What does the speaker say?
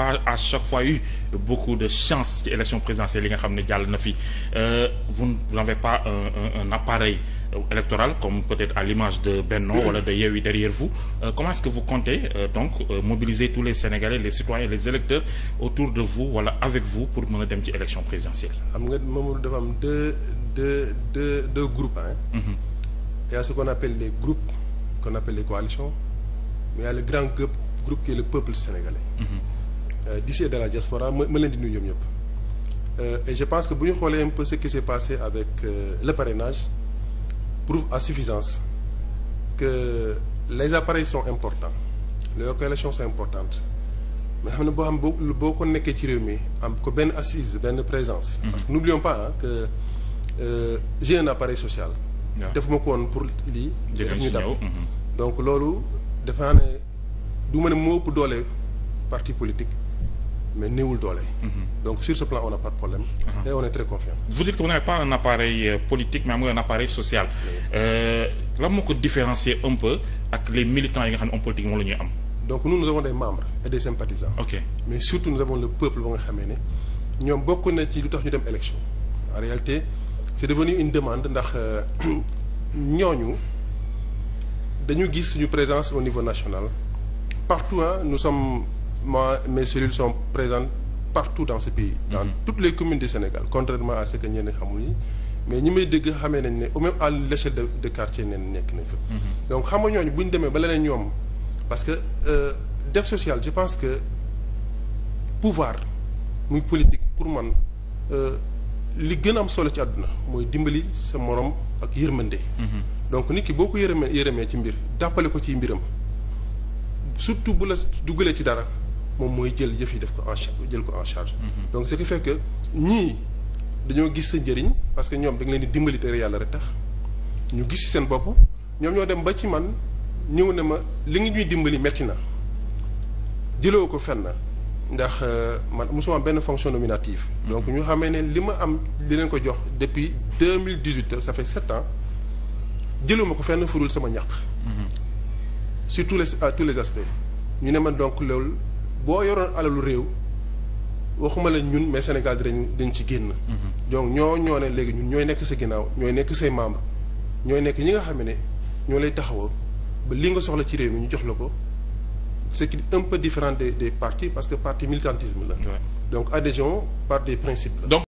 pas à chaque fois eu beaucoup de chance ci élection présidentielle yi nga xam ne jàll na fi euh, vous n'avez pas un, un, un appareil euh, électoral comme peut-être à l'image de Benno wala de Yewwi derrière vous euh, comment est-ce que vous comptez euh, donc euh, mobiliser tous les Sénégalais les citoyens les électeurs autour de vous wala avec vous pour mën a dem ci élection présidentielle am nga moom dafa am deux deux deux deux groupes hein mm -hmm. il y a ce qu'on appelle les groupes qu'on appelle les coalitions mais le grand groupe qui Euh, d'ici et de la diaspora ma ma leen di nuyu ñoom ñëpp euh, et je pense que bu ñu xoolee un peu ce qui s'est passé avec euh, le parrainage prouve à suffisance que les appareils sont importants les occupations mais xam ne boo xam boo boo ko nekkee ci réew mi am ko benn assise benn présence. Mm-hmm. parce que n'oublions pas hein, que euh, social. waaw def ma ko woon pour lii. ñu dab mm-hmm. donc loolu dafa ne du ma ne moo ëpp doole parti politique. mais néewul doole. Mhm. donc sur ce plan on n'a pas de problème. Uh mhm. -huh. et on est très confiant. vous dites que vous n'avez pas un appareil euh, politique mais am nga un appareil social. Euh, lan ko différencier un peu ak les militants yi nga xam ne homme politique moom la am. donc nous nous avons des membres et des sympathisants. ok mais surtout nous avons le peuple ba nga xamee ne ñoom bokk na ci lu tax ñu dem élection. en réalité c'est devenu une demande ndax euh, ñooñu dañu gis suñu présence au niveau national moi mes cellules sont présentes partout dans ce pays dans mm les communes de Sénégal contrairement à ce que ñenn xamul yi mais ñi may dëgg xamee nañ ne au à l'échelle de, de neen nekk nañ fa mhm. donc xam nga ñooñu bu ñu demee ba leneen ñoom parce que euh, def social je pense que pouvoir muy politique pour man euh, li gën am solo ci àdduna mooy dimbali sa morom ak yërmande mhm. donc nit ki boo ko yërëmee yërëmee ci mbir dàppale ko ci mbiram surtout bu la duggalee ci dara moom mooy jël jëf yi def ko en jël ko en mm-hmm. donc ce qui fait ñii dañoo gis sa njëriñ parce que ñoom da leen di dimbali te yàlla rek tax ñu gis seen bopp ñoom ñoo dem ba ci man ñëw ne ma li ngi ñuy dimbali metti na jëloo ko fenn ndax euh, man mosuma benn fonction nominative mm-hmm. donc ñu xamee ne li ma am di leen ko jox depuis deux mille dix huit ça fait sept ans jëluma ko fenn furul sama ñaq mm-hmm. sur tous les à tous les ñu ne ma donc loolu boo yoroon alalu réew waxuma la ñun mais Sénégal dañ dañ ci génn. Mhm. donc ñoo ñoo ne léegi ñun ñooy nekk sa ginnaaw ñooy nekk say membre ñooy nekk ñi nga xam ne ñoo lay taxawa ba li nga soxla ci réew mi ñu jox la ko ce qui est un peu différent des des partis parce que parti militantisme la. donc adhésion par des principes la.